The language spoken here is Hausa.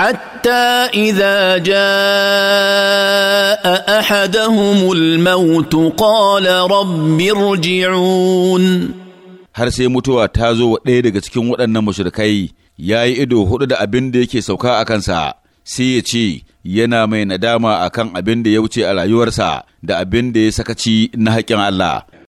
حتى اذا جاء احدهم الموت قال رب ارجعون har sai mutuwa ta zo wa ɗaya daga cikin waɗannan mashirkai ya yi ido huɗu da abin da yake sauka a kansa sai ya ce yana mai nadama a kan abin da ya wuce a rayuwarsa da abin da ya sakaci na haƙƙin Allah